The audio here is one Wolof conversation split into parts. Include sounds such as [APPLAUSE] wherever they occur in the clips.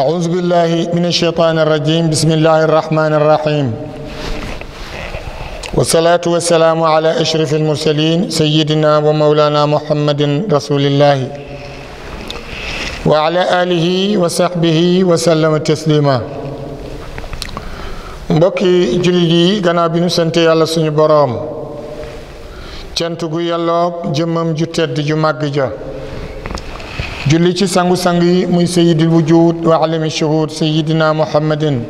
أعوذ بالله من الشيطان الرجيم بسم الله الرحمن الرحيم والصلاة والسلام على أشرف المرسلين سيدنا ومولانا محمد رسول الله وعلى آله وصحبه وسلم تسليما mbokki jullit yi gannaaw bi ñu sante yàlla suñu boroom cant gu جمع jëmmam ju tedd ju màgg ja جلي شي سانغو سانغي موي سيد الوجود وعلم الشهود سيدنا محمد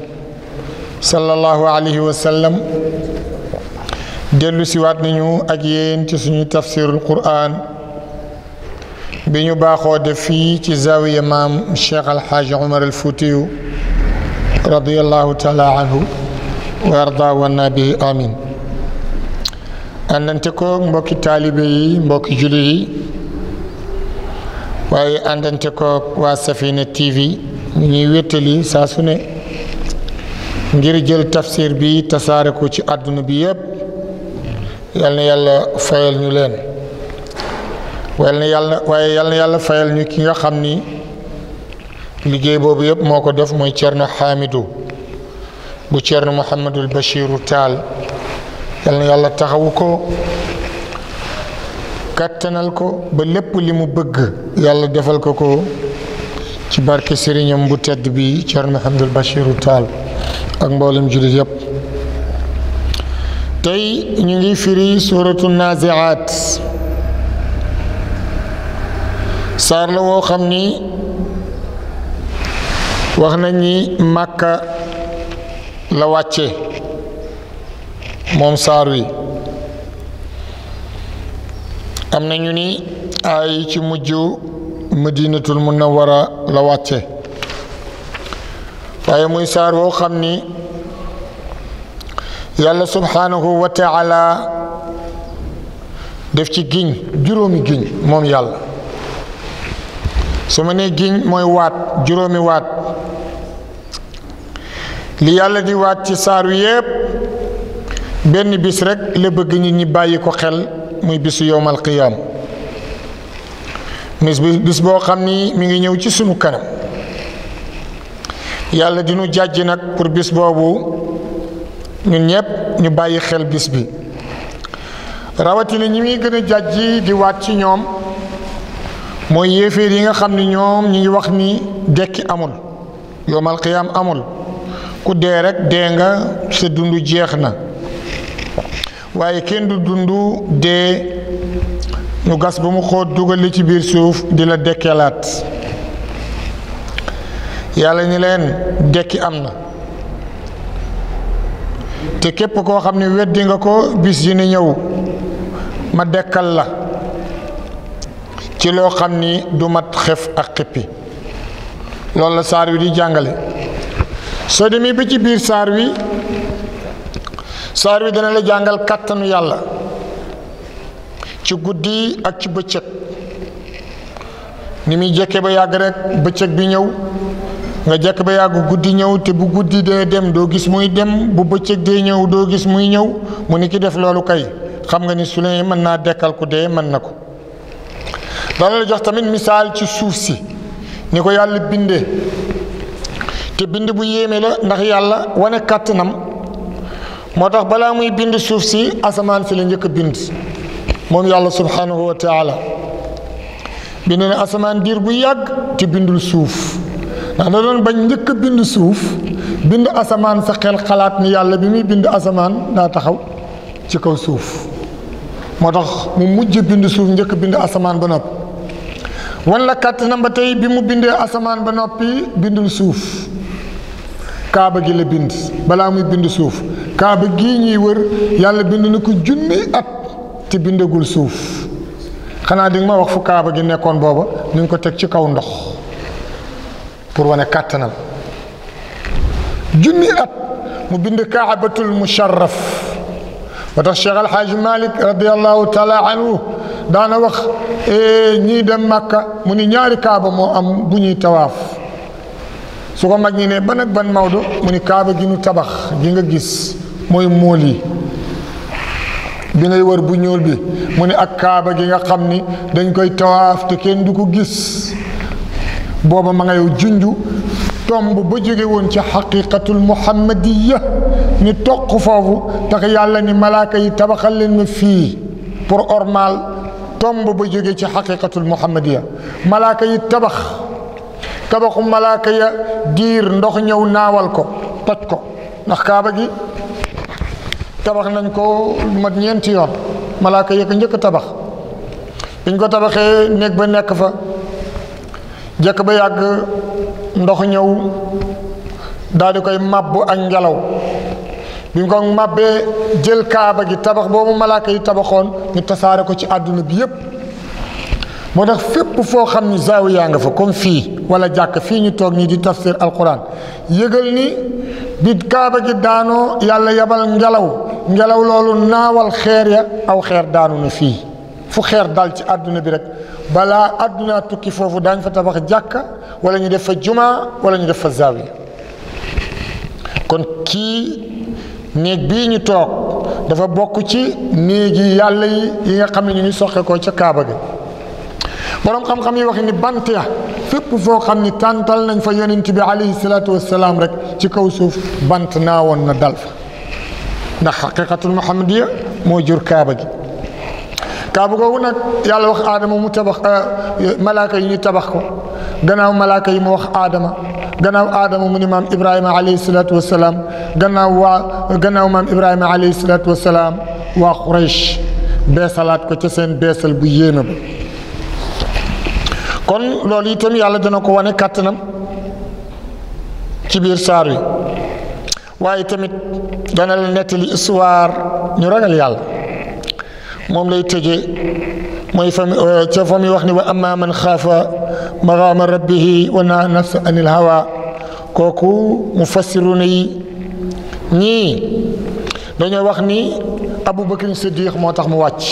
صلى الله عليه وسلم دلو سي وات نيو اك يين تي سوني تفسير القران بي نيو باخو دفي تي زاويه مام شيخ الحاج عمر الفوتيو رضي الله تعالى عنه وارضى عنا به امين ان ننتكو مبوكي طالبي مبوكي جولي waaye àndante ko waa Safina TV ñu ñuy wéttali saa su ne ngir jël tafsir bi tasaare ko ci àdduna bi yëpp yal na yàlla fayal ñu leen wal na yàlla waaye yal na yàlla fayal ñu ki nga xam ni liggéey boobu yëpp moo ko def mooy Thierno Hamidou bu Thierno Mouhamadul Bachirou Tall yal na yàlla taxawu ko kàttanal ko ba lépp li mu bëgg yàlla defal ko ko ci barke sëriñam bu tedd bi Thierno Hamdul Bachiru Taal ak mboolem jullit yépp tey ñu ngi firi suuratu naaziaat saar la woo xam ni wax nañ ni màkka la wàcce moom saar wi am na ñu ni aaya ci mujj na war a la wàcce waaye muy saar woo xam ni yàlla subhanahu wa def ci giñ juróomi yàlla su ma nee giñ mooy waat juróomi waat li yàlla di waat ci saaru wi yépp benn bis rekk la bëgg nit ñi bàyyi ko xel muy bisu yowmal qiyam. mis bi bis bo xamni mi ngi ñew ci sunu kanam yalla di ñu jajj nak pour bis bobu ñun ñëpp ñu bayyi xel bis bi ni ñi muy gën di wat ci ñom moy yefeer yi nga xamni ni ñi ngi wax ni dekk amul yowmal qiyam amul ku dee rek dee nga sa dundu jeexna waaye kenn du dund dee ñu gas bu mu xóot dugal li ci biir suuf di la dekkelaat yàlla ni leen dekki am na te képp koo xam ne weddi nga ko bis yi ni ñëw ma dekkal la ci loo xam ni du mat xef ak xippi loolu la saar wi di jàngale soo demee ba ci biir saar wi saar wi dana la jàngal kàttanu yàlla ci guddi ak ci bëccëg ni muy jekke ba yàgg rek bëccëg bi ñëw nga jekk ba yàgg guddi ñëw te bu guddi dee dem doo gis muy dem bu bëccëg dee ñëw doo gis muy ñëw mu ni ki def loolu kay xam nga ni su lee mën naa dekkal ku dee mën na ko dana la jox tamit misaal ci suuf si ni ko yàlla bindee te bind bu yéeme la ndax yàlla wane kàttanam moo tax balaa muy bind suuf si asamaan si la njëkk a bind moom yàlla subhanahu wa taala bind na asamaan diir bu yàgg ci bindul suuf ndax da doon bañ njëkk a bind suuf bind asamaan sa xel xalaat ni yàlla bi muy bind asamaan daa taxaw ci kaw suuf moo tax mu mujj bind suuf njëkk bind asamaan ba nopp wan la kàttanam ba tey bi mu bindee asamaan ba noppi bindul suuf kaaba gi la bind balaa muy bind suuf kaaba gii ñuy wër yàlla bind na ko junni at te bindagul suuf xanaa di ma wax fu kaaba gi nekkoon booba ñu ngi ko teg ci kaw ndox pour wane kàttanam junni at mu bind kaabatul musharraf ba tax Cheikh Al Hadj Malick radiallahu taala anhu daana wax eh, ñii dem màkka mu ni ñaari kaaba moo am bu ñuy tawaaf su ko mag ñi ne ban ak ban Maodo mu ni kaaba gi nu tabax gi nga gis mooy muul yi bi ngay wër bu ñuul bi mu ni ak kaaba gi nga xam ni dañ koy tawaaf te kenn du ko gis booba ma ngay junju tomb ba jóge woon ci xaqiqatul muhammadiya ni toq foofu tax yàlla ni malaaka yi tabaxal leen ma fii pour ormal tomb ba jóge ci xaqiqatul muhammadiya malaaka yi tabax tabaxu malaaka ya diir ndox ñëw naawal ko toj ko ndax kaaba gi tabax nañ ko lu mat ñeenti yoon malaaka yëkk njëkk tabax biñ ko tabaxee néeg ba nekk fa jëkk ba yàgg ndox ñëw daal di koy màbb ak ngelaw bi ñu ko màbbee jël kaaba gi tabax boobu malaaka yi tabaxoon ñu tasaare ko ci àdduna bi yépp moo tax fépp foo xam ni zaawi yaa nga fa comme fii wala jàkk fii ñu toog nii di tafsir alquran yëgal ni bi kaaba gi daanoo yàlla yabal ngelaw ngelaw loolu naawal xeer ya aw xeer daanu na fii fu xeer dal ci àdduna bi rek balaa àdduna tukki foofu daañ fa tabax jàkka wala ñu def fa jumaa wala ñu def fa zaawiya kon kii néeg bii ñu toog dafa bokk ci néegi yàlla yi yi nga xam ne ñu ngi soqe ko ca kaaba gi borom xam-xam yi waxe ni bant ya fépp fo xamni tàntal nañ fa yonent bi alayhi salatu wassalam rek ci kaw suuf bant na won na dal fa ndax xaqiqatul muhammadiyya mo jur kaaba gi kaaba googu nag yàlla wax adama mu tabax malaaka yi ñu tabax ko gannaaw malaaka yi mu wax adama gannaaw adama mu ni maam ibrahima alayhi salatu wassalam gannaaw wa gannaaw maam ibrahima alayhi salaatu wasalaam waa quraysh beesalaat ko ci seen besal bu yéeme ba kon loolu itam yàlla dana ko wane kàttanam ci biir saar wi waaye tamit dana la nettali histoire ñu ragal yàlla moom lay tëjee mooy fami ca fa muy wax ni wa amma man xaafa maqaama rabbihi wa naa nafsa anil hawa kooku mu fassiruna yi ñii dañoo wax ni abou bakrin siddiq moo tax mu wàcc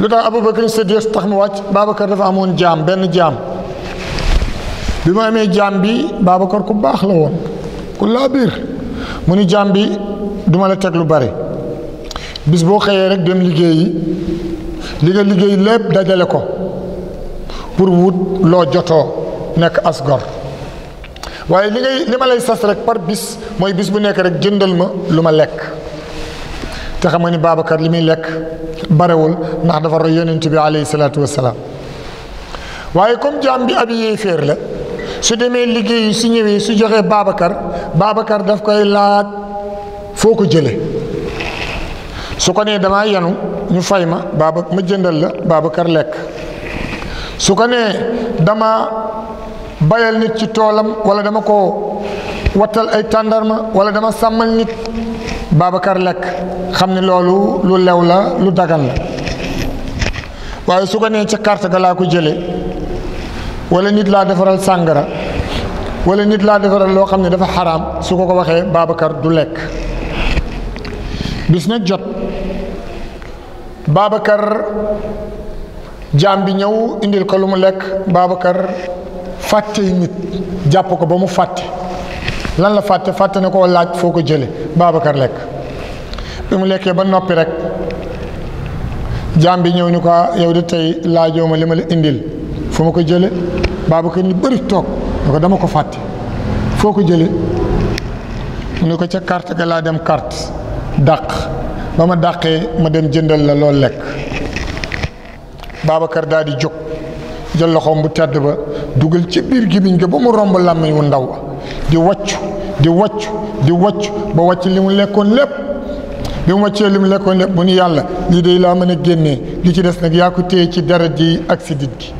lu tax Abubakar Siddiq tax mu wàcc Babacar dafa amoon jaam benn jaam bi mu amee jaam bi Babacar ku baax la woon ku laa biir mu ni jaam bi duma la teg lu bari bis boo xëyee rek dem liggéeyi li nga liggéey lépp dajale ko pour wut loo jotoo nekk as waaye li ngay li ma lay sas rek par bis mooy bis bu nekk rek jëndal ma lu ma lekk te xam nga ni Babacar li muy lekk barewul ndax dafa roy yonent bi alayhi salaatu waaye comme jaam bi ab yéeféer la su demee liggéeyi su ñëwee su joxee Babacar Babacar daf koy laaj foo ko jële su ko nee damaa yanu ñu fay ma baaba ma jëndal la Babacar lekk su ko nee dama bayal nit ci toolam wala dama ko wattal ay tàndarma wala dama sàmmal nit Babacar lekk xam ne loolu lu lew la lu dagan la waaye su ko nee ca carte ga laa ko jële wala nit laa defaral sàngara wala nit laa defaral loo xam ne dafa xaraam su ko ko waxee Babacar du lekk bis nag jot Babacar jaam bi ñëw indil ko lu mu lekk Babacar fàtte nit jàpp ko ba mu fàtte lan la fàtte fàtte ne koo laaj foo ko jële Babacar lekk bi mu lekkee ba noppi rek jaam bi ñëw ni ko yow de tey laajoo ma li ma la indil fu ma ko jële Baabakar ni bëri toog ne ko dama ko fàtte foo ko jële mu ko ca carte ga laa dem kart dàq ba ma dàqee ma dem jëndal la lool lekk Baabakar daal di jóg jël loxoom bu tedd ba dugal ci biir gémmiñ ga ba mu romb làmmiñ wu ndaw di waccu di waccu di waccu ba wàcc li mu lekkoon lépp bi mu wàccee li mu lekkoon lépp mu ni yàlla lii day laa mën a génnee li ci des nag yaa ko téye ci dara ji ak si dit gi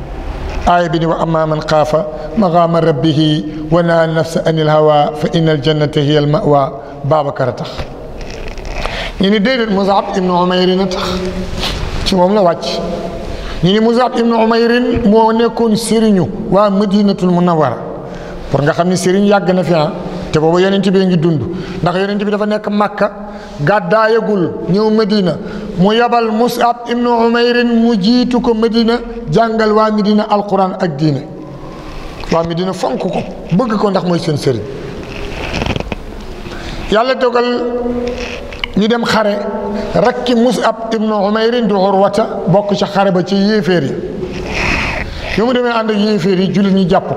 aaya bi ni wa amma man xaafa maqaama rabbihi wa naa nafsa anil hawa fa inna al jannata hiya al mawa babacar a tax ñu ni déedéet Musab ibnu Umayrin a tax ci moom la wàcc ñu ni Musab ibnu Umayrin moo nekkoon sëriñu waa madinatul munawara pour nga xam ne sëriñ yàgg na fi ah te boobu yeneen yonent bi ngi dund ndax yeneen yonent bi dafa nekk Makka gàddaayagul ñëw madina mu yabal Mus'ab ibnu Umayrin mu jiitu ko Medina jàngal waa Medina alquran ak diine waa Medina fonk ko bëgg ko ndax mooy seen sëriñ yàlla dogal ñu dem xare rakki Mus'ab ibnu Umayrin di Urwata bokk ca xare ba ci yéeféer yi bi mu demee ànd ak yéeféer yi jullit ñi jàpp ko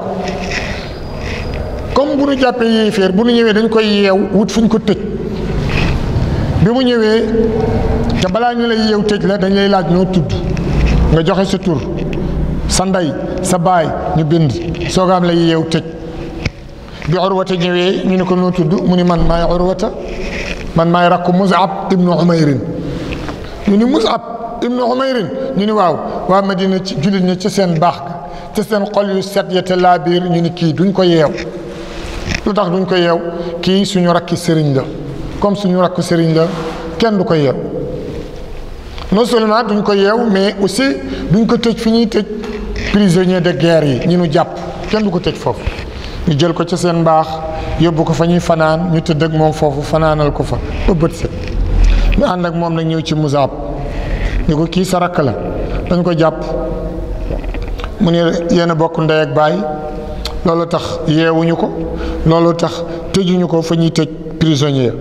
comme bu nu jàppee yéeféer bu nu ñëwee dañ koy yeew wut fu ñu ko tëj bi mu ñëwee te balaa ñu lay yeew tëj la dañ lay laaj noo tudd nga joxe sa tur sa ndey sa baay ñu bind soogaam lay yeew tëj bi urwata ñëwee ñu ne ko noo tudd mu ni man maay urwata man maay rakku musab ibnu umayrin ñu ni musab ibnu umayrin ñu ni waaw waa madina ci jullit ñi ci seen baax te seen xol yu set ya te laa ñu ni kii duñ ko yeew lu tax duñ ko yeew kii suñu rakki sëriñ la comme suñu rakk sëriñ la kenn du ko yeew non seulement duñ ko yeew mais aussi duñ ko tëj fi ñuy tëj prisonnier de guerre yi ñu nu jàpp kenn du ko tëj foofu jël ko ca seen mbaax yóbbu ko fa ñuy fanaan ñu tëdd ak moom foofu fanaanal ko fa ba bët ñu ànd ak moom nag ñëw ci musaab ñu ko kii sa rakk la dañ ko jàpp mu ne yenn a bokk ndey ak baay loolu tax yeewuñu ko loolu tax tëjuñu ko fa ñuy tëj prisonnier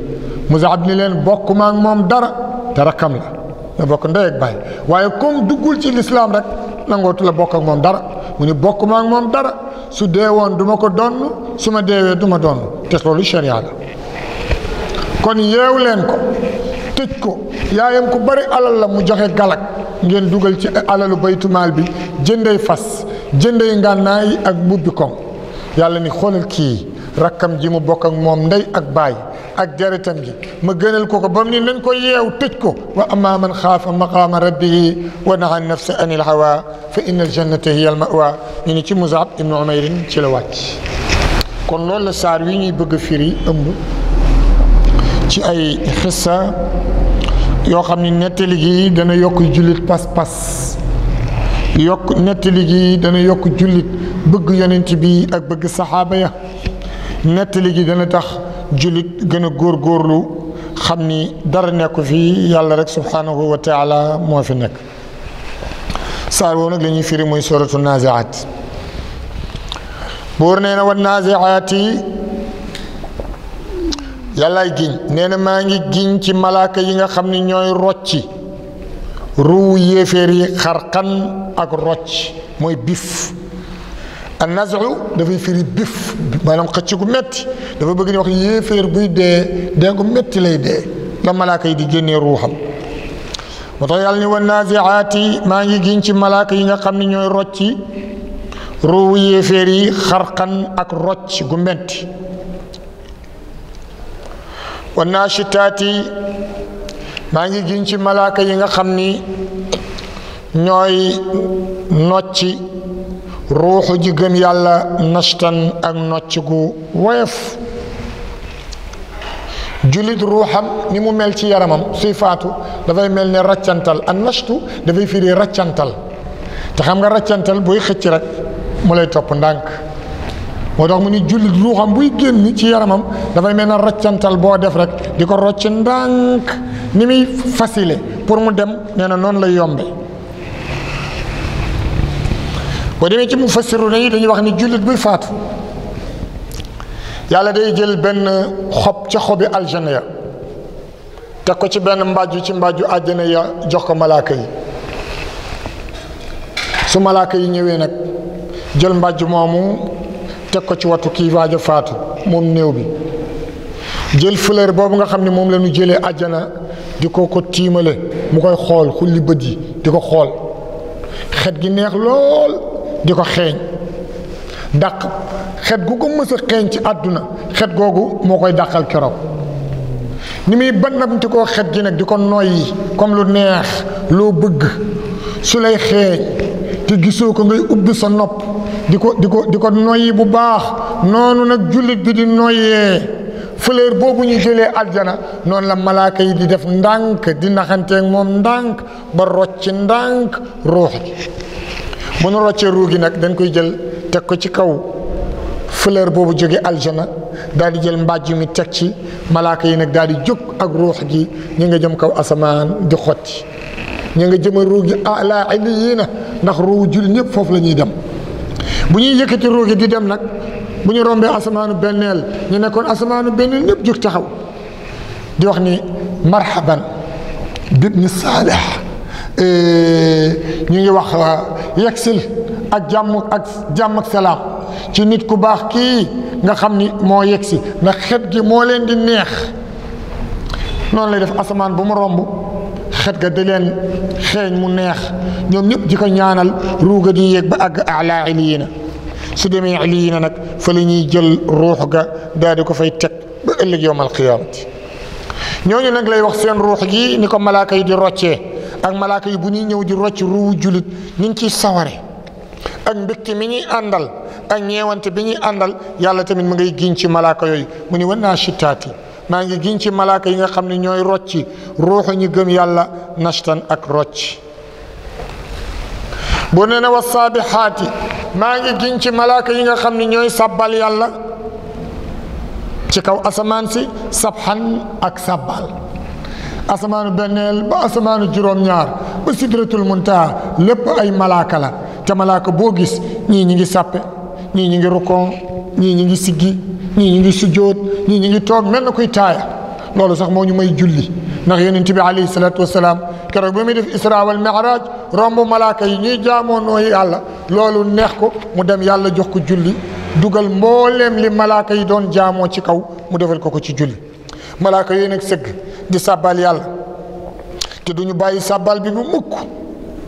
Musab ni leen bokk ma moom dara te rakkam la bokk ndey ak waaye comme duggul ci lislaam rek nangootu bokk ak moom dara mu ni bokk ma moom dara su dee woon du ko donn su ma deewee duma ma donn te loolu sharia la kon yeewu leen ko tëj ko yaayam ku bari alal la mu joxe galak ngeen dugal ci alalu baytumaal bi jëndey fas jëndey ngànnaay ak mbubbi koŋ yàlla ni xolal ki rakam ji mu bok ak mom ndey ak bay ak jaritam ji ma gënal ko ko bam ni nañ ko yeew ko wa amma man khafa maqama rabbihi wa naha nafsa an il hawa fa inna jannata hiya al mawa ni ci muzab ibn umayr ci la wàcc kon non la sar wi ñi bëgg firi ëmb ci ay xissa yo xamni ni gi dana yok julit pass pass yok nettali gi dana yok julit bëgg yonent bi ak bëgg saxaaba ya nettali gi dana tax jullit gën góor góorlu xam ni dara nekku fi yàlla rek subhanahu wa moo fi nekk saar woo lañuy la ñuy firi muy suratu naziaat buur nee na wa naziaat yi giñ nee na maa ngi giñ ci malaaka yi nga xam ni ñooy rocci ruu yéeféer yi xarxan ak rocc mooy bif an nazu dafay firi bif maanaam xëcc gu metti dafa bëgg ñu wax yéeféer buy dee dee gu metti lay dee la malaaka yi di génnee ruuxam moo tax yàlla ni wa naziaati maa ngi giñ ci malaaka yi nga xam ne ñooy rocci ruuwu yi ak rocc gu metti wa maa ngi giñ ci malaaka yi nga xam ni ñooy nocci ruuxu ji yàlla nashtan ak nocc gu woyof jullit ruuxam ni mu mel ci yaramam suy faatu dafay mel ni raccantal ak nastu dafay firi raccantal te xam nga raccantal booy xëcc rek mu lay topp ndànk moo tax mu ni jullit ruuxam buy génn ci yaramam dafay mel ne raccantal boo def rek di ko rocc ndànk ni muy facile pour mu dem nee na noonu lay yombe بودي نتي مفسرون ني داني واخني جولت بي فاتو يالا داي جيل بن خوب تي خوبي الجنيا تاكو تي بن مباجو تي مباجو الجنيا جوخ كو ملائكه سو ملائكه نيوي نك جيل مباجو مومو تاكو تي واتو كي واجو فاتو موم نيو بي جيل فلير بوبو nga xamni mom lañu jëlé aljana diko ko timalé mu koy xol xulli bëdd diko xol xet gi neex lool di ko xeeñ daq xet gu ko mës a xeeñ ci àdduna xet googu moo koy dàqal keroog ni muy bannamti koo xet gi nag di ko noyyi comme lu neex loo bëgg su lay xeeñ te gisoo ko ngay ubbi sa nopp di ko di ko di ko noyyi bu baax noonu nag jullit bi di noyyee fleur boobu ñu jëlee aljana noonu la malaaka yi di def ndànk di naxanteeg moom ndànk ba rocc ndànk ruux bu nu roccee ruu gi nag dañ koy jël teg ko ci kaw fleur boobu jóge aljana daal di jël mbàjj mi teg ci malaaka yi nag daal di jóg ak ruux gi ñu nga jëm kaw asamaan di xotti ñu nga jëma ruu gi ala illiyiina ndax ruu jul ñëpp foofu la ñuy dem bu ñuy yëkkati ruu gi di dem nag bu ñu rombee asamaanu benneel ñu nekkoon asamaanu benneel ñëpp jóg taxaw di wax ni marhaban bibni saalih ñu ngi wax yegsil ak jàmm ak jàmm ak salaam ci nit ku baax kii nga xam ni moo yegsi ndax xet gi moo leen di neex noonu lay def asamaan bu mu romb xet ga di leen xeeñ mu neex ñoom ñëpp di ko ñaanal ruuga di yéeg ba àgg alaa iliyina su demee iliyina nag fa la ñuy jël ruux ga daal di ko fay teg ba ëllëg yowm alqiyaamati ñooñu nag lay wax seen ruux gi ni ko malaaka yi di roccee ak malaaka yi bu ñuy ñëw di rocc ruwu jullit ñu ngi ciy saware ak mbégte mi ñuy àndal ak ñeewante bi ñuy àndal yàlla tamit mu ngay giñ ci malaaka yooyu mu ni naa shitaati maa ngi ci malaaka yi nga xam ne ñooy rocci ruuxu ñu gën yàlla nashtan ak rocc bu nee na wa saabixaati maa ngi giñ ci malaaka yi nga xam ne ñooy sabbal yàlla ci kaw asamaan si sabxan ak sabbal asamaanu benneel ba asamaanu juróom-ñaar ba sidratul muntaha lépp ay malaaka la te malaaka boo gis ñii ñi ngi sàppe ñii ñi ngi rukon ñii ñi ngi siggi ñii ñi ngi sujjóot ñii ñi ngi toog mel na kuy taaya loolu sax moo ñu may julli ndax yonent bi alayhi salaatu wasalaam keroog ba muy def isra wal mi'raj romb malaaka yi ñuy jaamoo nooy yàlla loolu neex ko mu dem yàlla jox ko julli dugal mbooleem li malaaka yi doon jaamoo ci kaw mu defal ko ko ci ju malaaka yooyu nag sëgg di sàbbal yàlla te duñu bàyyi sàbbal bi bu mukk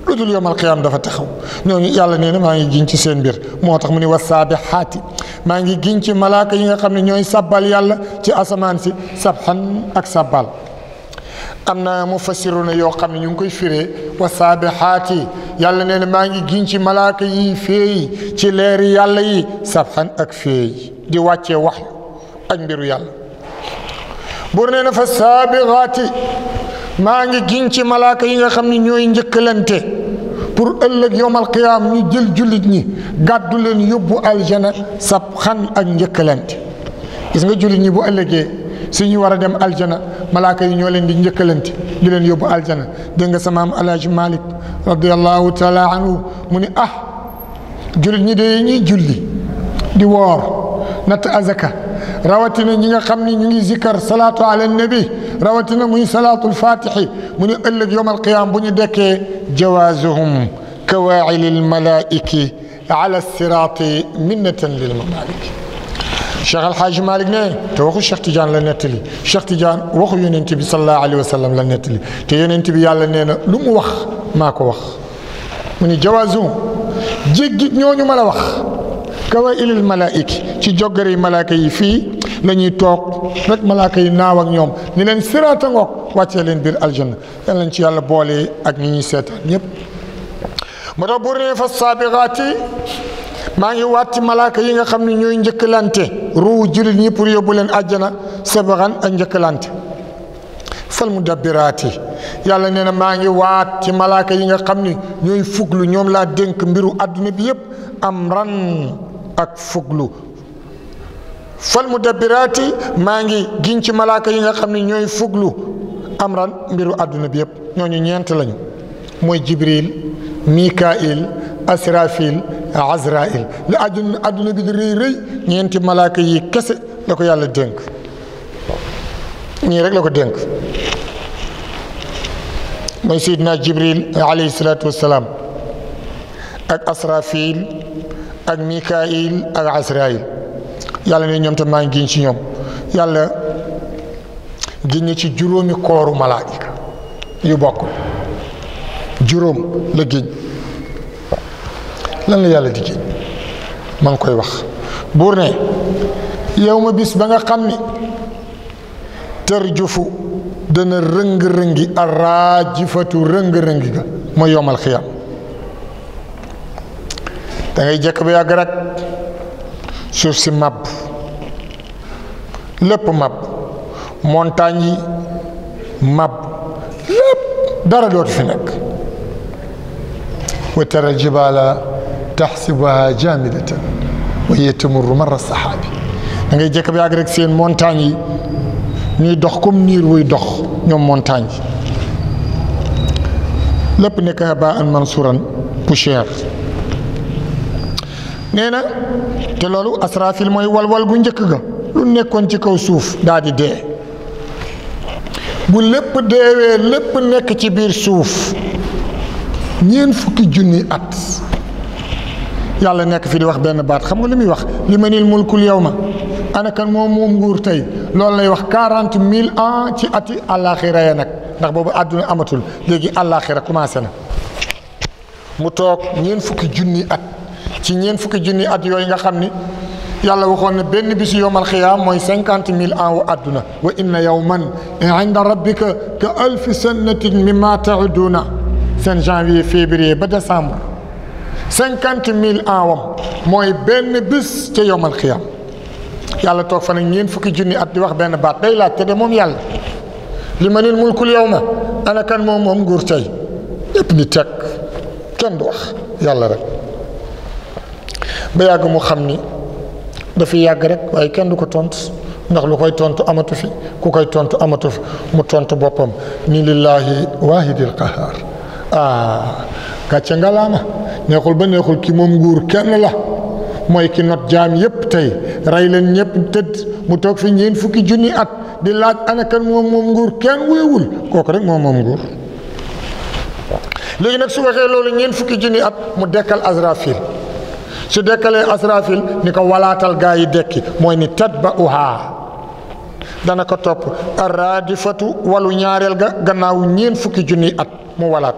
lu dul yowmal qiyaam dafa taxaw ñooñu yàlla nee na maa ngi giñ ci seen mbir moo tax mu ne wasaabixaati maa ngi giñ ci malaaka yi nga xam ne ñooy sàbbal yàlla ci asamaan si sabxan ak sàbbal am na mu fassiru na yoo xam ne ñu ngi koy firee wasaabixaati yàlla nee na maa ngi giñ ci malaaka yi féey ci leeri yàlla yi sabxan ak féey di wàccee wax ak mbiru yàlla buur nee na maa ngi giñ ci malaaka yi nga xam ni ñooy njëkkalante pour ëllëg yowmal qiyaam ñu jël jullit ñi gàddu leen yóbbu aljana sab xan ak njëkkalante gis nga jullit ñi bu ëllëgee su ñu war a dem aljana malaaka yi ñoo leen di njëkkalante di leen yóbbu aljana dégg samaam alaaji malik radiallahu taala anhu mu ni ah jullit ñi de ñuy julli di woor natt azaka rawatina ñi nga xam ni ñu ngi zikkar salaatu ala nabi rawatina muy salaatul fatihi mu ni ëllëg yowm alqiyaama bu ñu dekkee jawaasuhum kawaili lmalaiki ala siraati minnatan lilmamalik cheikh alhaaji malik ne te waxu cheikh tidiane la nettali cheikh tidiane waxu yonent bi salallahu alayhi wa sallam la nettali te yonent bi yàlla nee na lu mu wax maa ko wax mu ni jawaasuhum jéggi ñooñu ma la wax kawa ilil malaayiki ci joggare yi malaaka yi fii la ñuy toog rek malaaka yi naaw ak ñoom ñu leen siraata ngoog wàccee leen biir aljanna yal nañ ci yàlla boole ak ñu ñuy seetaan ñëpp moo tax bu ne fa saabiraati maa ngi waat ci malaaka yi nga xam ni ñooy njëkklante ruu jullit ñi pour yóbbu leen àjjana sabaran a njëkkalante fal mu dabbiraati yàlla nee na maa ngi waat ci malaaka yi nga xam ni ñooy fuglu ñoom laa dénk mbiru àdduna bi yëpp am ran ak fuglu fal mudabbiraati maa ngi giñ ci malaaka yi nga xam ne ñooy fuglu amran mbiru àdduna bi yëpp ñooñu ñeent lañu mooy jibril mikail asrafil azrail li àdduna àdduna bi di rëy rëy ñeenti malaaka yi kese la yàlla dénk ñii rek la ko dénk mooy seydina jibril alayhi salaatu wassalaam ak asrafil ak mikail ak asrail yàlla ne ñoom te maa ngi giñ ci ñoom yàlla giñ na ci juróomi kooru malaayika yu bokk juróom la giñ lan la yàlla di giñ maa ngi koy wax buur ne yow ma bis ba nga xam ni tërjufu dana rëng-rëngi arraajifatu rëng-rëngi ga ma yomal xiyam da ngay jekk bu yàgg rek suuf si mab lépp mab montagne yi mab lépp dara dootu fi nekk wa tara jibaala taxsibuha jamidatan wa hiya tamurru marra saxaabi da ngay jekk bu yàgg rek seen montagne yi ñuy dox comme niir wuy dox ñoom montagne yi lépp nekk habaan mansuran poussière nee na te loolu asraafil mooy walwal gu njëkk ga lu nekkoon ci kaw suuf daal di dee bu lépp deewee lépp nekk ci biir suuf ñeent fukki junni at yàlla nekk fi di wax benn baat xam nga li muy wax li manil mulkul yawma ana kan moom moom nguur tey loolu lay wax quarante mille ans ci ati àllaaxira ya nag ndax boobu àdduna amatul léegi àllaaxira commencé na mu toog ñeent fukki junni at ci ñeen fukki jinni at yoy nga xamni yàlla waxon ne benn bisu yowmal khiyam moy 50000 mille ans aduna wa inna yawman inda rabbika ka alf sanatin mimma ta'duna seen janvier février ba décembre 50000 mille ans wam mooy benn bis ci yowmal khiyam yàlla tok fa nag ñeen fukki jinni at di wax benn baat day laaj te de mom yàlla li ma mulku mulkul yawma ana kan mom mom ngur tay ñëpp ni tek kenn du wax yàlla rek ba yag mu xamni da fi yag rek way kenn du ko tontu ndax lu koy tontu amatu fi ku koy tontu amatu fi mu tontu bopam ni lillahi wahidil qahar ah gàcce ngalama neexul ba neexul ki mom nguur kenn la moy ki not jam yep tay ray len ñep tëdd mu tok fi ñeen fukki junni at di laaj ana kan mom mom nguur kenn wewul kooku rek mom mom nguur legi nak su waxe ñeen fukki junni at mu dekkal Azrafil su dekkalee asrafil ni ko walaatal gaa yi dekki mooy ni tatba'uhaa dana ko topp arraadifatu walu ñaareel ga gannaaw ñeen fukki junniy at mu walaat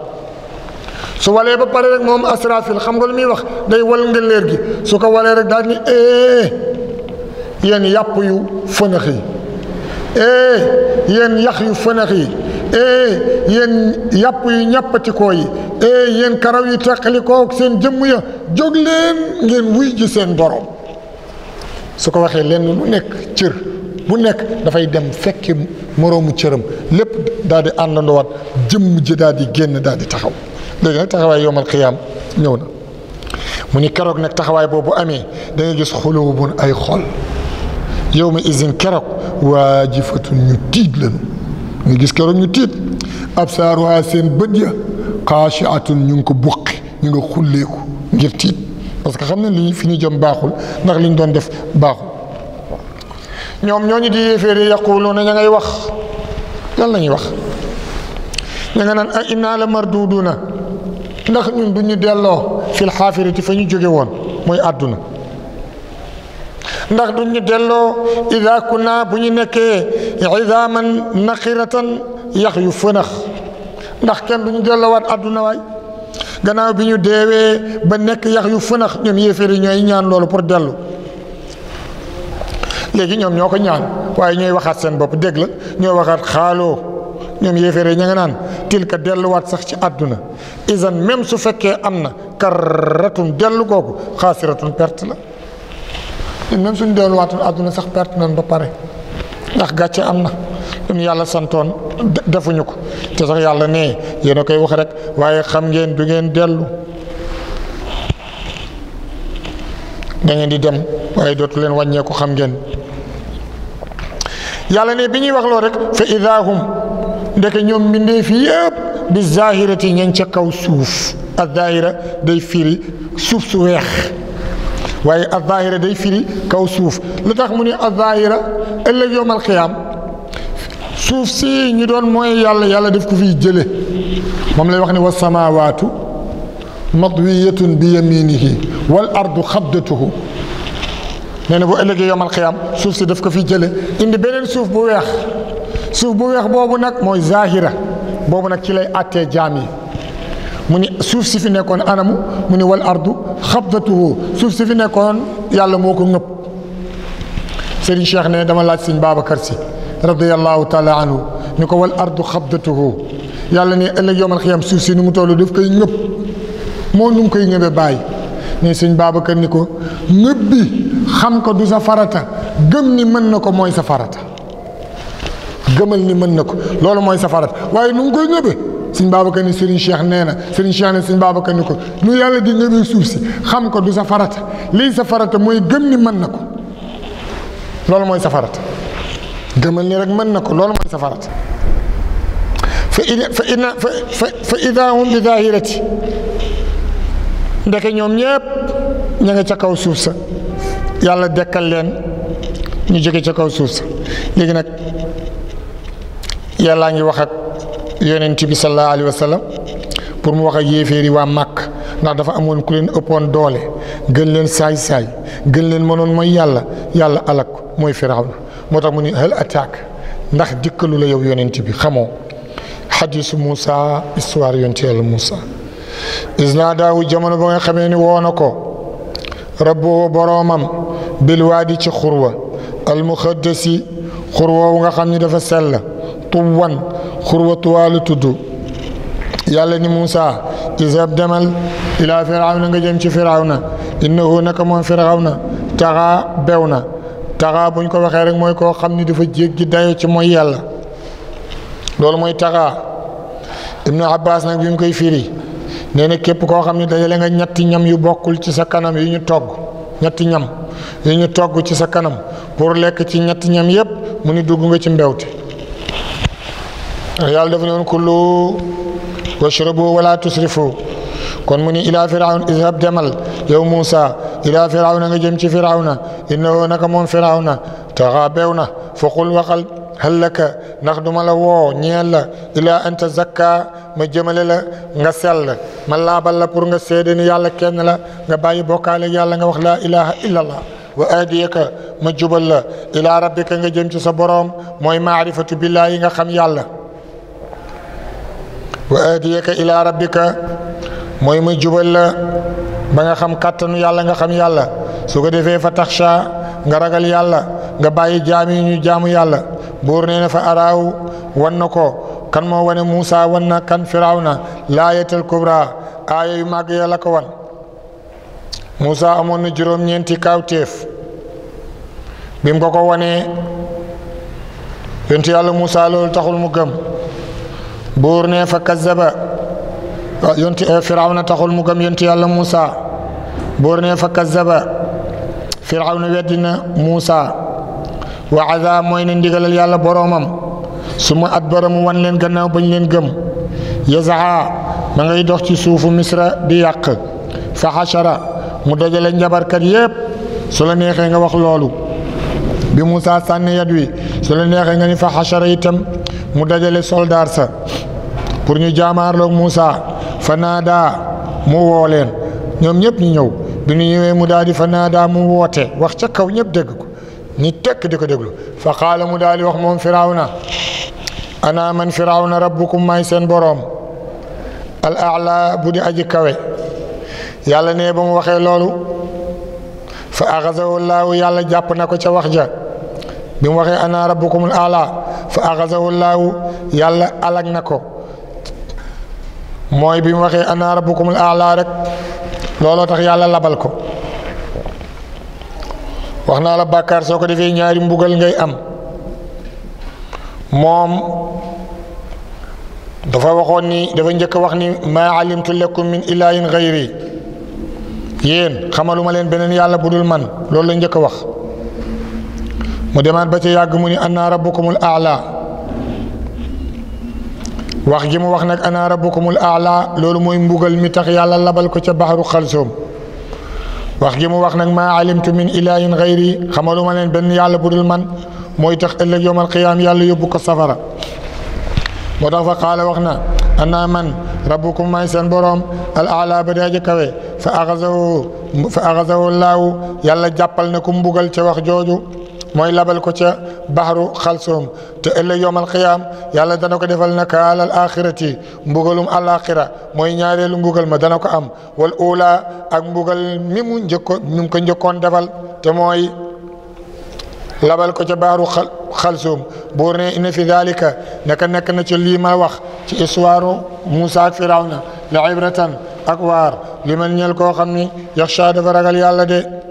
su walee ba pare rek moom asrafil xam nga lu muy wax day wal nga gi su ko walee rek daal ni eh yéen yàpp yu fënax yi eh yéen yax yi eh yàpp yu ñàppatikoo yi ee yéen karaw yi teqalikook seen jëmm ya jóg leen ngeen wuy ji seen borom su ko waxee lenn lu nekk cër bu nekk dafay dem fekki moroomu cëram lépp daal di àndandowaat jëmm ji daal di génn daal di taxaw léegi nag taxawaay yowmal xiyaam ñëw na mu ni keroog nag taxawaay boobu amee da nga gis xulóobun ay xol yow ma isin keroog waa jifatun ñu tiit lañu nga gis keroog ñu tiit absaaruha seen bët ya خاشعه نينكو بوخي نيغا خوليكو غير تيت باسكو خامن لي فيني جوم باخول ناخ لي ندون ديف باخو نيوم نيو ني دي يفير يقولون نياغي واخ يال في الحافره ndax kenn du ñu delloowaat àdduna waay gannaaw bi ñu deewee ba nekk yax yu fënax ñoom yéeféer yi ñooy ñaan loolu pour dellu léegi ñoom ñoo ko ñaan waaye ñooy waxaat seen bopp dégg ñoo waxaat xaaloo ñoom yéeféer yi ña nga naan tilka delluwaat sax ci àdduna isan même su fekkee am na karratun dellu googu xaasiratun perte la même suñ delluwaatoon àdduna sax perte nañ ba pare ndax gàcce am na ñu yàlla santoon defuñu ko te sax yàlla ne yéen a koy wax rek waaye xam ngeen du ngeen dellu da ngeen di dem waaye dootu leen wàññeeku xam ngeen yàlla ne bi ñuy wax loo rek fa idahum ndeke ñoom mbindeef yëpp bi zahirati ñañ ca kaw suuf a zahira day firi suuf su weex waaye a zahira day firi kaw suuf lu tax mu ne a zahira ëllëg yowmal xiyaam suuf si ñu doon mooy yàlla yàlla def ko fiy jële moom lay wax ni wa samawaatu madwiyatun bi yaminihi wal ardu xabdatuhu nee na bu ëllëgee yomal xiyaam suuf si def ko fi jële indi beneen suuf bu weex suuf bu weex boobu nag mooy zahira boobu nag ci lay àttee jaam yi mu ni suuf si fi nekkoon anamu mu ni wal ardu xabdatuhu suuf si fi nekkoon yàlla moo ko ŋëpp Serigne Cheikh ne dama laaj Serigne Babacar si رضي الله تعالى عنه نكو الارض خبطته يالا ني الا يوم الخيام سوسي نمو تولو داف كاي نوب مو نوم كاي نيبي باي ني سيغ بابا كان نيكو نوبي خام كو دوزا فاراتا گم ني من نكو موي سفاراتا گمل ني من نكو لولو موي سفاراتا واي نوم كاي نيبي سيغ بابا كان سيرين شيخ نينا سيرين شيخ نينا سيغ بابا كان نيكو نو يالا دي نيبي سوسي خام كو دوزا فاراتا لي سفاراتا موي گم ني من نكو لولو موي سفاراتا دمني رقمنا كلنا ما سفرت فإذا فإن فإذا هم بظاهرتي دك يوم يب نيجي تكاو سوسا يلا دكال لين نيجي تكاو سوسا لكن يلا نيجي وقت يعني النبي صلى الله عليه وسلم pour mu wax ak yéeféeri waa màkk ndax dafa amoon ku leen ëppoon doole gën leen saay saay gën leen mënoon mooy yàlla yàlla alak ko mooy firawna moo tax mu ni hal attaque ndax dikkalu la yow yonent bi xamoo xadisu Moussa histoire yonent yàlla Moussa is naa daawu jamono ba nga xamee ni woo na ko rabbo boroomam bil waadi ci xurwa almuxaddasi xurwa wu nga xam ni dafa sell tuwan xurwa tuwaalu tudd yàlla ni Moussa izab demal ilaa firawna nga jëm ci firawna innahu naka moom firawna taxa bew na taxa buñ ko waxe rek moy ko xamni dafa dafa gi dayo ci moy yalla loolu moy taxa ibnu abbas nak bimu koy firi neena kep ko xamni xam ne dajale nga ñetti ñam yu bokul ci sa kanam yu ñu togg ñetti ñam yu ñu togg ci sa kanam pour lek ci ñetti ñam yépp mu ni dugg nga ci mbewte yalla dafa kullu washrabu wala tusrifu kon mu ni ila firaun izhab jamal yow musa ila firawna nga jëm ci firawna innahu naka moom firawna taxa beew na fuqul waxal halaka ndax duma la woo ñeel la ila anta zakka ma jëmale la nga sell ma laabal la pour nga seede ni yàlla kenn la nga bàyyi bokkaale yàlla nga wax laa ilaha illallah wa ahdiyaka ma jubal la ila rabbika nga jëm ci sa boroom mooy maarifatu billahi yi nga xam yàlla wa ahdiyaka ila rabbika mooy ma jubal la ba nga xam kàttanu yàlla nga xam yàlla su ko defee fa taxsha nga ragal yàlla nga bàyyi jaam yi ñu jaamu yàlla buur nee na fa araaw wan na ko kan moo wane Moussa wan na kan Firawna laayatal kubra aaya yu màgg ya la ko wan Moussa amoon na juróom-ñeenti kawteef bi mu ko ko wanee yontu yàlla Moussa loolu taxul mu gëm buur ne fa kazzaba Ah, yonti eh, na taxul mu gëm yonti yàlla Muusa boor ne fa kazzaba na weddina Muusa wa aza mooy ne ndigalal yàlla boroomam su ma adbara mu wan leen gannaaw bañ leen gëm yasaa ma ngay dox ci suufu misra di yàq fa xashara mu dajale njabarkat yépp su la neexee nga wax loolu bi Muusa sànni yat wi su la neexee nga ni fa xashara itam mu dajale soldaar sa pour ñu jaamaarloog Muusa fanaadaa mu woo ñoom ñëpp ñu ñëw bi ñu ñëwee mu daal di fanaadaa mu woote wax ca kaw ñëpp dégg ko ni tekk di ko déglu fa qaala mu daal di wax moom firawna ana man firawna rabbukum maay seen boroom al ala bu di aji kawe yàlla ne ba mu waxee loolu fa axazahu yàlla jàpp na ko ca wax ja bi mu waxee ana rabbukum al fa axazahu yàlla alag na ko moy bi mu waxe ana rabbukumul aala rek lolo tax yàlla labal ko waxna la bakkar soko ko ñaari mbugal ngay am mom dafa waxoon ni dafa ñëk wax ni maa alimtu lakum min ilahin ghayri yéen xamaluma len benen yàlla budul man lolo la ñëk wax mu demaat ba ci yag mu ni ana rabbukumul aala wax gi mu wax nak ana rabbukum al a'la lolou moy mbugal mi tax yàlla labal ko ci bahru khalsum wax gi mu wax nak ma alimtu min ilahin xayri xamaluma len ben yàlla budul man moy tax ëllëg yowmal qiyam yàlla yóbbu ko safara motax fa qala waxna na ana man rabbukum may seen borom al a'la ba kawe fa axasahu fa axasahu allah yàlla jàppal na ku mbugal ci wax jooju moy label ko ca bahru khalsum te ëllëg yowmal qiyam yàlla danako defal nak al akhirati mbugalum al akhira moy ñaarel mbugal ma danako am wal ula ak mbugal mi mu njëkkoon mi ko njëkkoon defal te moy label ko ca bahru khalsum buur in fi zalika nak nak na ci li ma wax ci iswaru musa Firawna la ibratan akwar liman li ko xamni koo xam yaxsha dafa ragal yàlla de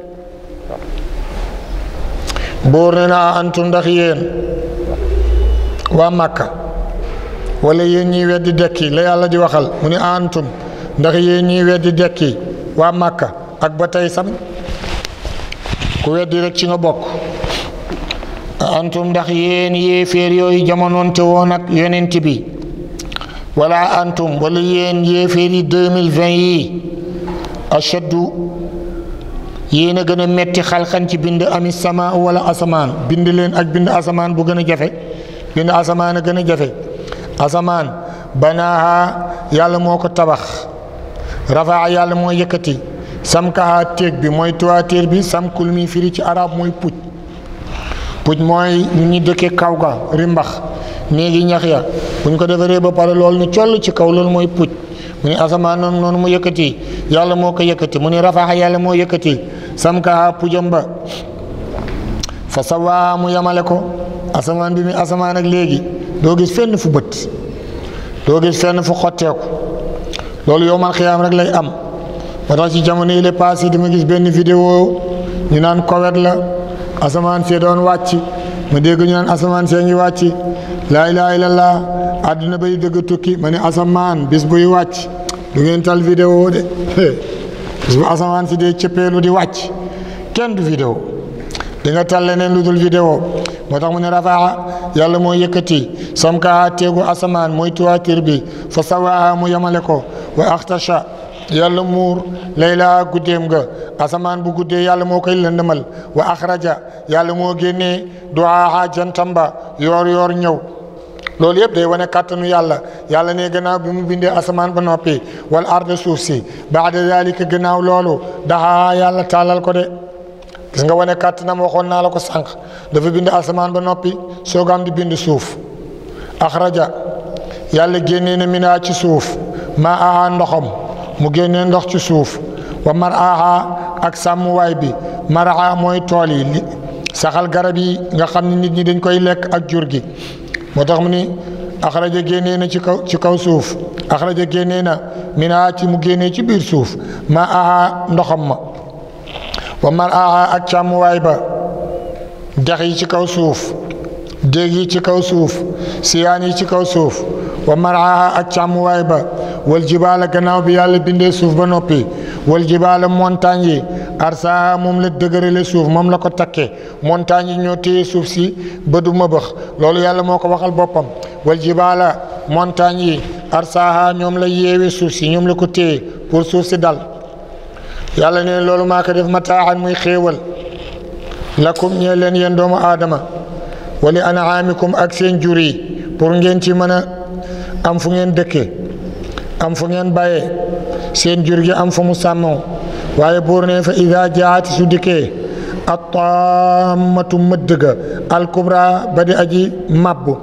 buur ne naa antum ndax yéen waa màkka walla yéen ñiy weddi dekki la yàlla di waxal mu ne antum ndax yéen ñiy weddi dekki waa màkka ak ba tey sam ku weddi rek ci nga bokk antum ndax yéen yéeféer yooyu jamonoonte woon ak yonent bi wala antum wala yéen yéeféer yi 2020 yi yéen a gën a metti xalxan ci bind ami sama wala asamaan bind leen ak bind asamaan bu gën a jafe bind asamaan a gën a jafe asamaan banaaha yàlla moo ko tabax rafaa yàlla moo yëkkati samkaha téeg bi mooy toiture bi samkul mi firi ci arab mooy puj puj mooy ñu ñu dëkkee kaw ga rimbax néegi ñax ya bu ñu ko defaree ba pare loolu ni coll ci kaw loolu mooy puj mu ne asamaan noonu noonu mu yëkkati yàlla moo ko yëkkati mu ne rafaa yàlla moo yëkkati samkaha pujam ba fa sawa mu yamale ko asamaan bi mu asamaan ak léegi doo gis fenn fu bët doo gis fenn fu xotteeku loolu yow man xiyaam rek lay am ba tax ci jamono yi le passé dama gis benn vidéo ñu naan kowet la asamaan see doon wàcc ma dégg ñu naan asamaan see ngi wàcc laa ilaaha illallaah àdduna bay dëgg tukki ma ni asamaan bis buy wàcc du ngeen de [LAUGHS] bis hm? bu asamaan si dee cëppeelu di wàcc kenn du vidéo di nga tal leneen lu dul moo tax mu ne rafaa yàlla moo yëkkati samkaa teegu asamaan mooy tuwaatir bi fa sawaa mu yemale ko wa axtasha yàlla muur laylaa guddeem nga asamaan bu guddee yàlla moo koy lëndëmal wa axraja yàlla moo génnee duwaaha jantam ba yoor yoor ñëw loolu yëpp day wane kattanu yàlla yàlla ne gannaaw bi mu bindee asamaan ba noppi wal arda suuf si baada dalika gannaaw loolu daxaa yàlla tàllal ko de gis nga wane kàttanam waxoon naa la ko sànq dafa bind asamaan ba noppi soog am di bind suuf axraja yàlla génnee na minaa ci suuf maa aha ndoxam mu génnee ndox ci suuf wa mar aha ak sàmmuwaay bi maraxa mooy tool yi saxal garab yi nga xam ne nit ñi dañ koy lekk ak jur gi moo tax mu ni axraja génnee na ci kaw ci kaw suuf axraja génnee na mina ci mu génnee ci biir suuf ma aha ndoxam ma wa mar aha ak càmmuwaay ba dex yi ci kaw suuf déeg ci kaw suuf siyaan yi ci kaw suuf wa mar aha ak càmmuwaay ba wal jibaala gannaaw bi yàlla bindee suuf ba noppi wal jibaala montagne yi arsaha moom la dëgërale suuf moom la ko takkee montagne yi ñoo téye suuf si ba du ma bëx loolu yàlla moo ko waxal boppam wal jibaala montagne yi arsaha ñoom la yeewe suuf si ñoom la ko téye pour suuf si dal yàlla ne loolu maa ko def mataaxan muy xéewal lakum ñee leen yéen doomu aadama wali anaamikum ak seen jur yi pour ngeen ci mën a am fu ngeen dëkkee am fu ngeen bàyyee seen jur gi am fa mu sàmmoo waaye buur ne fa ida jaati su dikkee attaamatu mëdd ga alkubra ba di aji màbbu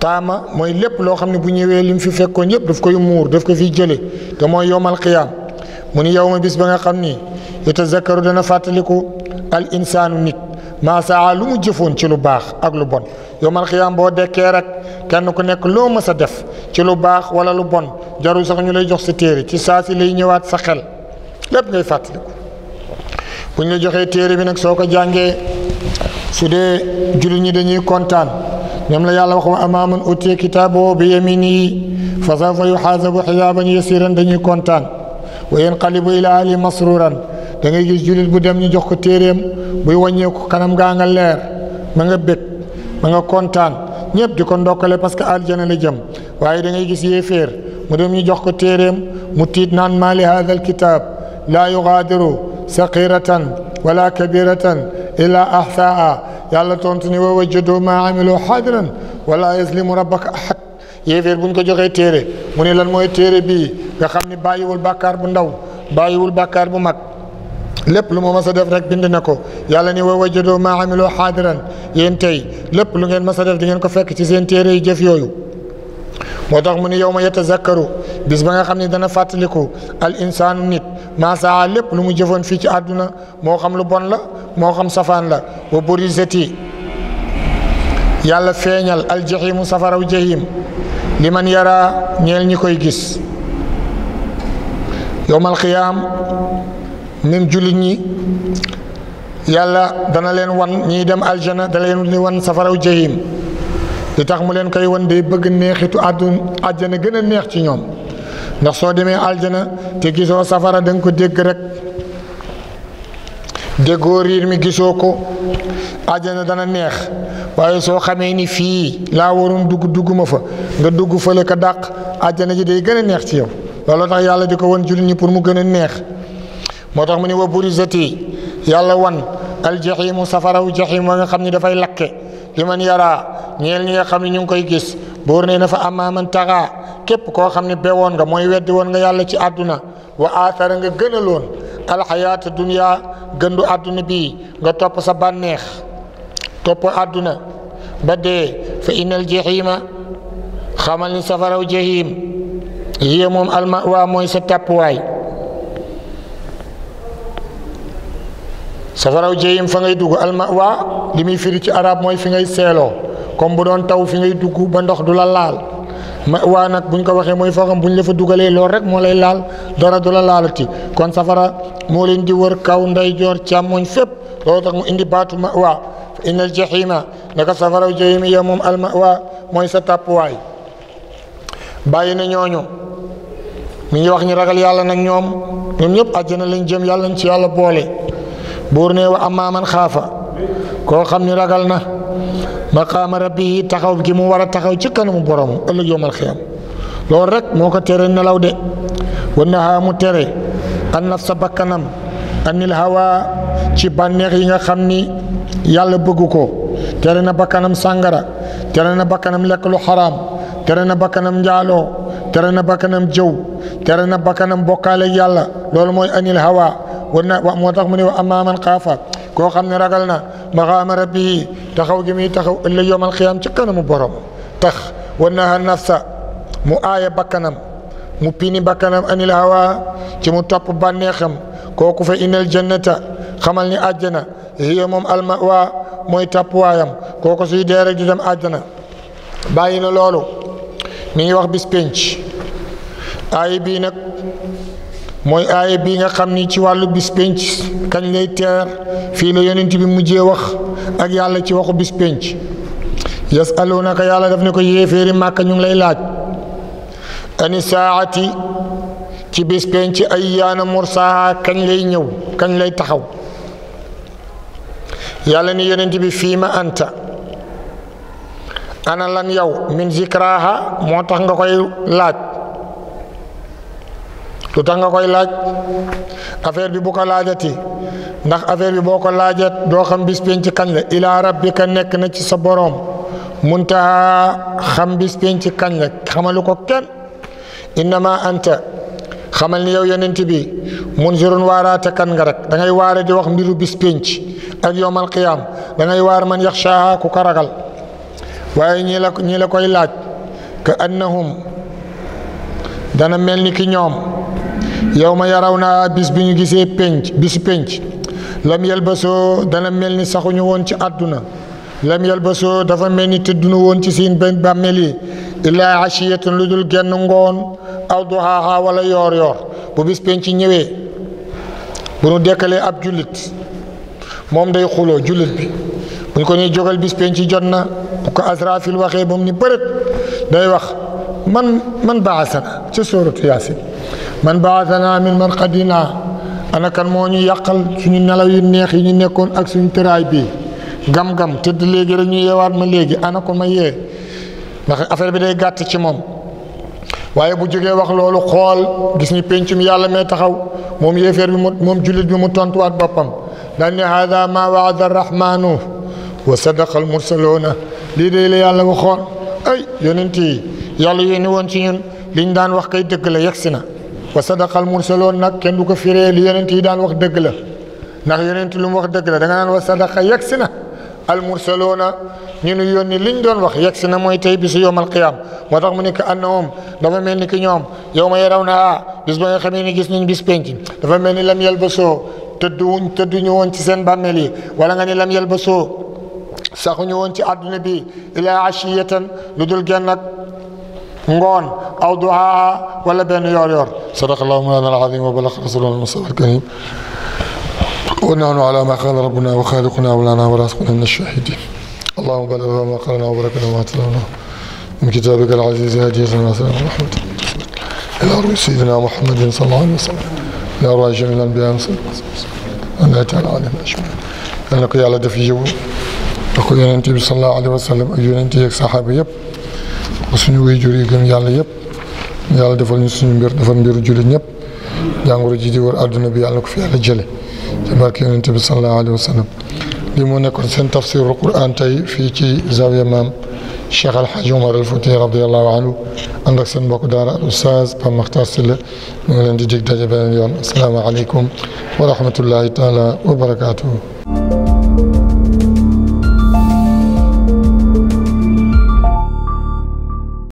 taama mooy lépp loo xam ne bu ñëwee lim fi fekkoon yëpp daf koy muur daf ko fiy jële te mooy yowmal qiyaam mu ni yow ma nga xam ni yutazakkaru dana fàttaliku al nit maasaa lu mu jëfoon ci lu baax ak lu bon yowmal xiyaam boo dekkee rek kenn ku nekk loo mës a def ci lu baax wala lu bon jarul sax ñu lay jox sa téere ci saa si lay ñëwaat sa xel lépp ngay fàttaliku bu ñu la joxee téere bi nag soo ko jàngee su dee jullit ñi dañuy kontaan ñoom la yàlla wax wa amaaman utiya kitaaboo bi yaminihi fa sawfa yuxaasabu xisaaban yasiran dañuy kontaan wa yanqalibu ila ahli masruran da ngay gis julit bu dem ñu jox ko téeréem buy wàññeeku kanam gaa nga leer ma nga bég ma nga kontaan ñëpp di ko ndokkale parce que aljana la jëm waaye da ngay gis yéeféer mu dem ñu jox ko téeréem mu tiit naan maa li hada alkitab laa yugaadiru saqiratan wala kabiratan illa ahsaa yàlla tontu ni wa wajadu maa amilu xadiran wala yaslimu rabbaka ahad yéeféer buñ ko joxee téere mu ne lan mooy téere bii nga xam ne bàyyiwul bàkkaar bu ndaw bàyyiwul bàkkaar bu mag lépp lu mu mas a def rek bind na ko yàlla ni wa wajadoo maa amiloo xaadiran yéen tey lépp lu ngeen ma sa def di ngeen ko fekk ci sen tere yi jëf yoyu motax mu ni yawma yatazakkaru bis ba nga xamni dana fatlikou al insan nit ma sa lépp lu mu jefon fi ci aduna mo xam lu bon la mo xam safan la wa burizati yàlla feñal al jahim safara wa jahim liman yara yaraa ñeel ñi koy gis yawmal qiyam même jullit ñi yàlla dana leen wan ñiy dem aljana dana leen wan safaraw jahim li tax mu leen koy wan day bëgg neexitu àddun àjjana gën a neex ci ñoom ndax soo demee aljana te gisoo safara da ko dégg rek déggoo riir mi gisoo ko àjjana dana neex waaye soo xamee ni fii laa waroon dugg dugg ma fa nga dugg fële ka dàq àjjana ji day gën a neex ci yow looloo tax yàlla di ko wan jullit ñi pour mu gën a neex motax mu ne wa burizati yalla wan al jahim wa jahim nga xamni da fay lakke liman yara ñeel ñi nga xamni ñu koy gis bor ne na fa amaman taqa kep ko xamni bewon nga moy weddi won nga yalla ci aduna wa athara nga gënalon al hayat dunya gëndu aduna bi nga top sa banex top aduna ba de fa inal jahim, khamal safara wa jahim yi mom al ma'wa moy sa way safaraw jeeyim fa ngay duggu al mawa limi firi ci arab moy fi ngay selo comme bu don taw fi ngay lal ba ndox dula la laal mawa nak buñ ko waxe moy lal xam buñ la fa duggalé lool rek mo lay laal dara dula laalati kon safara mo leen di wër kaw nday jor càmmoñ fep do tax mu indi batu mawa inal al jahima naka safaraw jeeyim ya al mawa moy sa tàppuwaay bàyyi na ñooñu mi ñi wax ñi ragal yalla nak ñoom ñoom ñep aljana lañ jëm yalla ci yalla boole buur ne wa amma man xaafa koo xam ni ragal na maqaama rabbihi taxaw gi mu war a taxaw ci kanamu borom ëllëg yowmal xiyam loolu rek moo ko tere nelaw de mu tere an nafsa bakkanam anil hawa ci bànneex yi nga xam ni yàlla bëgg ko tere na bakkanam sàngara tere na bakkanam lekk lu xaraam tere na bakkanam njaaloo tere na bakkanam jëw tere na bakkanam bokkaale yàlla loolu mooy anil hawa war na wa moo tax mu ne wa amma man xaafa koo xam ne ragal na maqaama rabbi taxaw gi muy taxaw ëllëg yowmal xiyaam ci kanamu borom tax war na nafsa mu aaya bakkanam mu pini bakkanam anil hawa ci mu topp bànneexam kooku fa innal jannata xamal ni àjjana hiya moom almawa mooy tàppuwaayam kooku suy dee rek di dem àjjana bàyyi na loolu mi ngi wax bis pénc aay bii nag mooy aaya bii nga xam ni ci wàllu bis pénc kañ lay teer fii la yonent bi mujjee wax ak yàlla ci waxu bis pénc yasalunaka yàlla daf ne ko yéeféeri màkka ñu lay laaj ani saati ci bis pénc ay yaana mursaa kañ lay ñëw kañ lay taxaw yàlla ni yonent bi fii ma anta ana lan yow min zikraha moo tax nga koy laaj lu tanga koy laaj affaire bi bu ko laajati ndax affaire bi boko laajet do xam bis penc kan la ila rabbika nek na ci sa borom muntaha xam bis penc kan la xamalu ko kenn anta xamal ni yow bi munzirun waaraate kan nga rek da ngay waare di wax mbiru bis penc ak yowmal qiyam da ngay war man yakhsha ku karagal waye waaye ñi la ñi la koy laaj ka annahum dana melni ki ñom yawma yarawna bis biñu gisé pénc bis pénc lam yelbaso dana melni ni saxuñu won ci aduna lam yelbaso dafa melni ni tëddunu won ci seen ben bameli illa ashiyatun ludul genn ngon aw duhaaha wala yor yor bu bis pénc ñewé bu nu dekkalee ab julit mom day xulo julit bi bu ñu ko ñi jógal bis pénc jot na ko azrafil waxe moom ni bërët day wax من من بعثنا في سورة ياسين من بعثنا من مرقدنا أنا كان موني يقل شنو نلاوي نيخي ني نيكون اك سن تراي بي غام غام تد ليغي رك ني يوار ما ليغي انا كون ما يي واخ افير بي داي غات سي موم وايي بو جوغي واخ لولو خول غيس ني بينچوم يالا مي تاخاو موم يفير بي موم جوليت بي مو تونت وات بوبام لان هذا ما وعد الرحمن وصدق المرسلون لي دي لي يالا وخون اي يوننتي yàlla yónni woon ci ñun liñ daan wax kay dëgg la yegsi na wa sadaqal mursaloon nag kenn du ko firee li yonent yi daan wax dëgg la ndax yonent lu mu wax dëgg la da nga naan wa sadaqa yegsi na al mursaloona ñu nu yónni liñ doon wax yegsi na mooy tey bisu yowmal qiyaam moo tax mu ni que annahum dafa mel ni ki ñoom yow ma yaraw na ah bis ba nga xamee ni gis nañ bis penc dafa mel ni lam yalbasoo tëdduwuñ tëdduñu woon ci seen bàmmeel yi wala nga ni lam yalbasoo saxuñu woon ci àdduna bi ilaa ashiyatan lu dul genn ak نقول أو دعاء ولا بين يور يور صدق الله مولانا العظيم وبلغ الله المصطفى الكريم ونحن على ما قال ربنا وخالقنا ولنا ورزقنا من الشاهدين اللهم بلغ ما قالنا وبركنا ما تلونا من كتابك العزيز هدي الله عليه ورحمة إلى روح سيدنا محمد صلى الله عليه وسلم إلى روح جميع الأنبياء وسلم أن تعالى عليهم أجمعين أن نقي على دفي جو أخويا أنت صلى الله عليه وسلم أجل أنت صحابي suñu wéyjur juri gëm yàlla yëpp yàlla defal ñu suñu mbir defal mbir juri ñëpp jàngoro ji di wër aduna bi yàlla ko fi yàlla jële ci barke yonent bi sallallahu alayhi wasallam li mo nekkon seen tafsirul quran tay fi ci zawiya mam cheikh alhaj omar al fouti radiallahu anhu andak ak seen mbokk daara al oustaz pa Makhtar Sylla ñu ngi leen di dig daje beneen yoon alaykum wa rahmatullahi taala wa barakatuh